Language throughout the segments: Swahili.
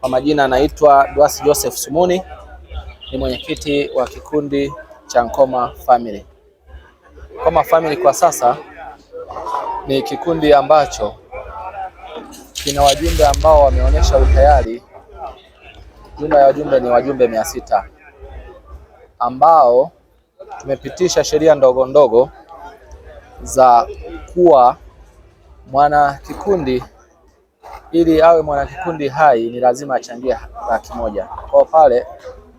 Kwa majina anaitwa Dwasi Joseph Sumuni, ni mwenyekiti wa kikundi cha Nkoma Family. Nkoma Family kwa sasa ni kikundi ambacho kina wajumbe ambao wameonyesha utayari. Jumla ya wajumbe ni wajumbe mia sita ambao tumepitisha sheria ndogo ndogo za kuwa mwana kikundi ili awe mwanakikundi hai ni lazima achangie laki moja. Kwa pale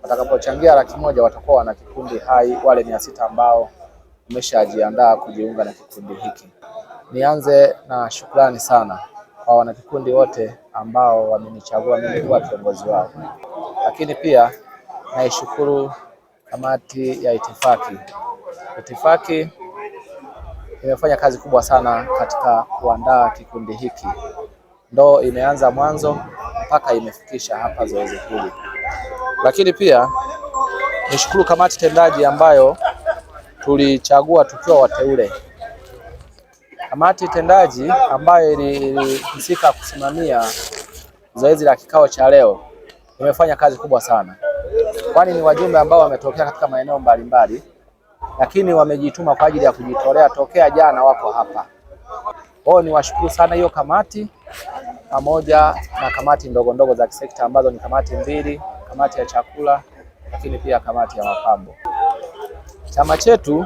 watakapochangia laki moja watakuwa wana kikundi hai, wale mia sita ambao umeshajiandaa kujiunga na kikundi hiki. Nianze na shukrani sana kwa wanakikundi wote ambao wamenichagua mimi kuwa kiongozi wao, lakini pia naishukuru kamati ya itifaki. Itifaki imefanya kazi kubwa sana katika kuandaa kikundi hiki ndo imeanza mwanzo mpaka imefikisha hapa zoezi hili. Lakini pia nishukuru kamati tendaji ambayo tulichagua tukiwa wateule, kamati tendaji ambayo ilihusika kusimamia zoezi la kikao cha leo imefanya kazi kubwa sana, kwani ni wajumbe ambao wametokea katika maeneo mbalimbali, lakini wamejituma kwa ajili ya kujitolea. Tokea jana wako hapa. Kwao ni washukuru sana hiyo kamati pamoja na kamati ndogo ndogo za kisekta ambazo ni kamati mbili, kamati ya chakula, lakini pia kamati ya mapambo. Chama chetu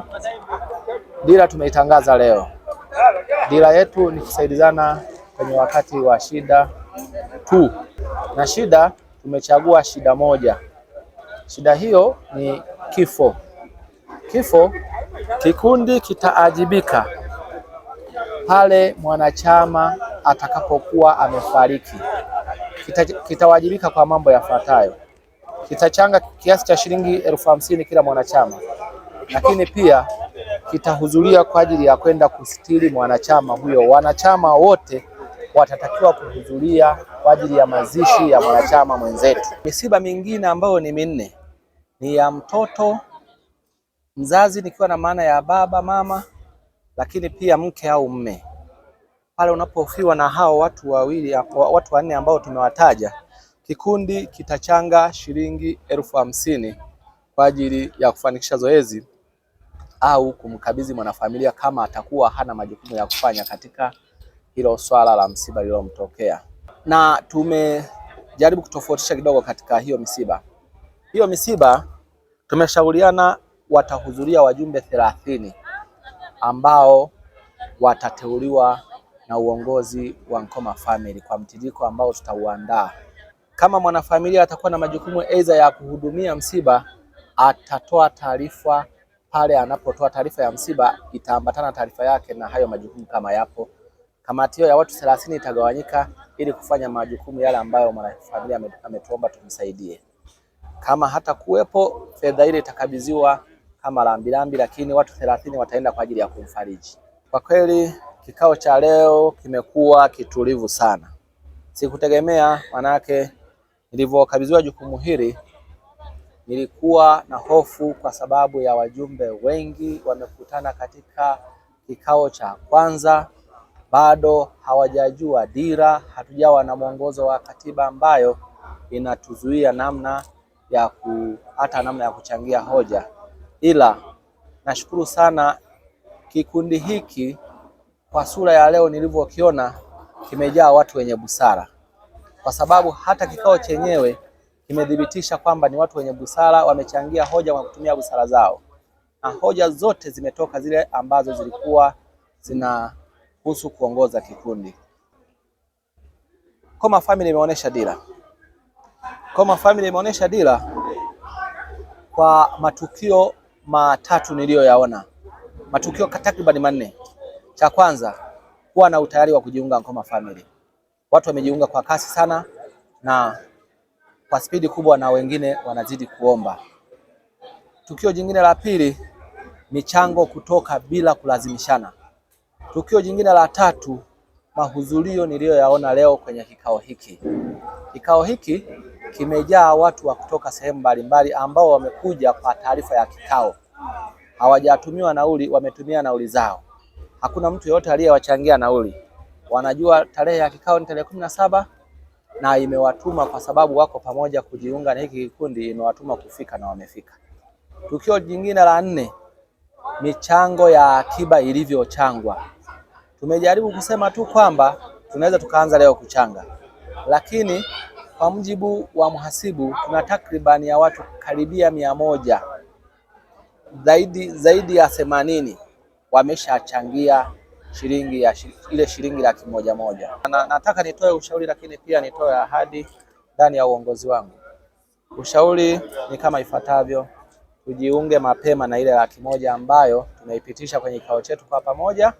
dira tumeitangaza leo. Dira yetu ni kusaidizana kwenye wakati wa shida tu, na shida tumechagua shida moja. Shida hiyo ni kifo. Kifo kikundi kitaajibika pale mwanachama atakapokuwa amefariki kitawajibika kita kwa mambo yafuatayo: kitachanga kiasi cha shilingi elfu hamsini kila mwanachama, lakini pia kitahudhuria kwa ajili ya kwenda kustiri mwanachama huyo. Wanachama wote watatakiwa kuhudhuria kwa ajili ya mazishi ya mwanachama mwenzetu. Misiba mingine ambayo ni minne ni ya mtoto, mzazi nikiwa na maana ya baba mama lakini pia mke au mme. Pale unapofiwa na hao watu wawili, watu wanne ambao tumewataja, kikundi kitachanga shilingi elfu hamsini kwa ajili ya kufanikisha zoezi au kumkabidhi mwanafamilia kama atakuwa hana majukumu ya kufanya katika hilo swala la msiba lililomtokea. Na tumejaribu kutofautisha kidogo katika hiyo misiba. Hiyo misiba tumeshauriana watahudhuria wajumbe thelathini ambao watateuliwa na uongozi wa Nkoma Family kwa mtiririko ambao tutauandaa. Kama mwanafamilia atakuwa na majukumu aidha ya kuhudumia msiba, atatoa taarifa pale anapotoa taarifa ya msiba itaambatana taarifa yake na hayo majukumu kama yapo. Kamati hiyo ya watu thelathini itagawanyika ili kufanya majukumu yale ambayo mwanafamilia ametuomba tumsaidie. Kama hata kuwepo, fedha ile itakabidhiwa kama rambirambi, lakini watu thelathini wataenda kwa ajili ya kumfariji. Kwa kweli kikao cha leo kimekuwa kitulivu sana, sikutegemea. Manake nilivyokabidhiwa jukumu hili nilikuwa na hofu, kwa sababu ya wajumbe wengi wamekutana katika kikao cha kwanza, bado hawajajua dira, hatujawa na mwongozo wa katiba ambayo inatuzuia namna ya ku hata namna ya kuchangia hoja ila nashukuru sana kikundi hiki kwa sura ya leo nilivyokiona, kimejaa watu wenye busara, kwa sababu hata kikao chenyewe kimethibitisha kwamba ni watu wenye busara, wamechangia hoja kwa kutumia busara zao, na hoja zote zimetoka zile ambazo zilikuwa zinahusu kuongoza kikundi. Koma Family imeonyesha dira. Koma Family imeonyesha dira kwa matukio matatu niliyoyaona, matukio takriban manne. Cha kwanza, kuwa na utayari wa kujiunga Ngoma Family. Watu wamejiunga kwa kasi sana na kwa spidi kubwa, na wengine wanazidi kuomba. Tukio jingine la pili, michango kutoka bila kulazimishana. Tukio jingine la tatu, mahudhurio niliyoyaona leo kwenye kikao hiki. Kikao hiki kimejaa watu wa kutoka sehemu mbalimbali ambao wamekuja kwa taarifa ya kikao, hawajatumiwa nauli, wametumia nauli zao. Hakuna mtu yeyote aliyewachangia nauli, wanajua tarehe ya kikao ni tarehe kumi na saba na imewatuma kwa sababu wako pamoja kujiunga na hiki kikundi, imewatuma kufika na wamefika. Tukio jingine la nne, michango ya akiba ilivyochangwa. Tumejaribu kusema tu kwamba tunaweza tukaanza leo kuchanga, lakini kwa mujibu wa mhasibu, tuna takribani ya watu karibia mia moja zaidi, zaidi ya themanini wameshachangia shilingi ya ile shilingi laki moja moja. Na, nataka nitoe ushauri lakini pia nitoe ahadi ndani ya uongozi wangu. Ushauri ni kama ifuatavyo: tujiunge mapema na ile laki moja ambayo tunaipitisha kwenye kikao chetu kwa pamoja,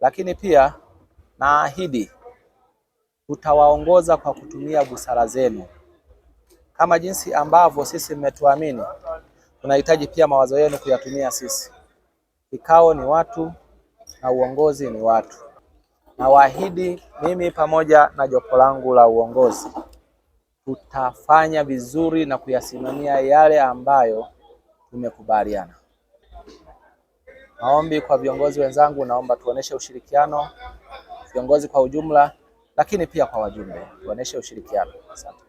lakini pia naahidi tutawaongoza kwa kutumia busara zenu. Kama jinsi ambavyo sisi mmetuamini, tunahitaji pia mawazo yenu kuyatumia sisi. Kikao ni watu na uongozi ni watu. Nawaahidi mimi pamoja na jopo langu la uongozi tutafanya vizuri na kuyasimamia yale ambayo tumekubaliana. Maombi kwa viongozi wenzangu, naomba tuoneshe ushirikiano, viongozi kwa ujumla lakini pia kwa wajumbe, tuoneshe ushirikiano. Asante.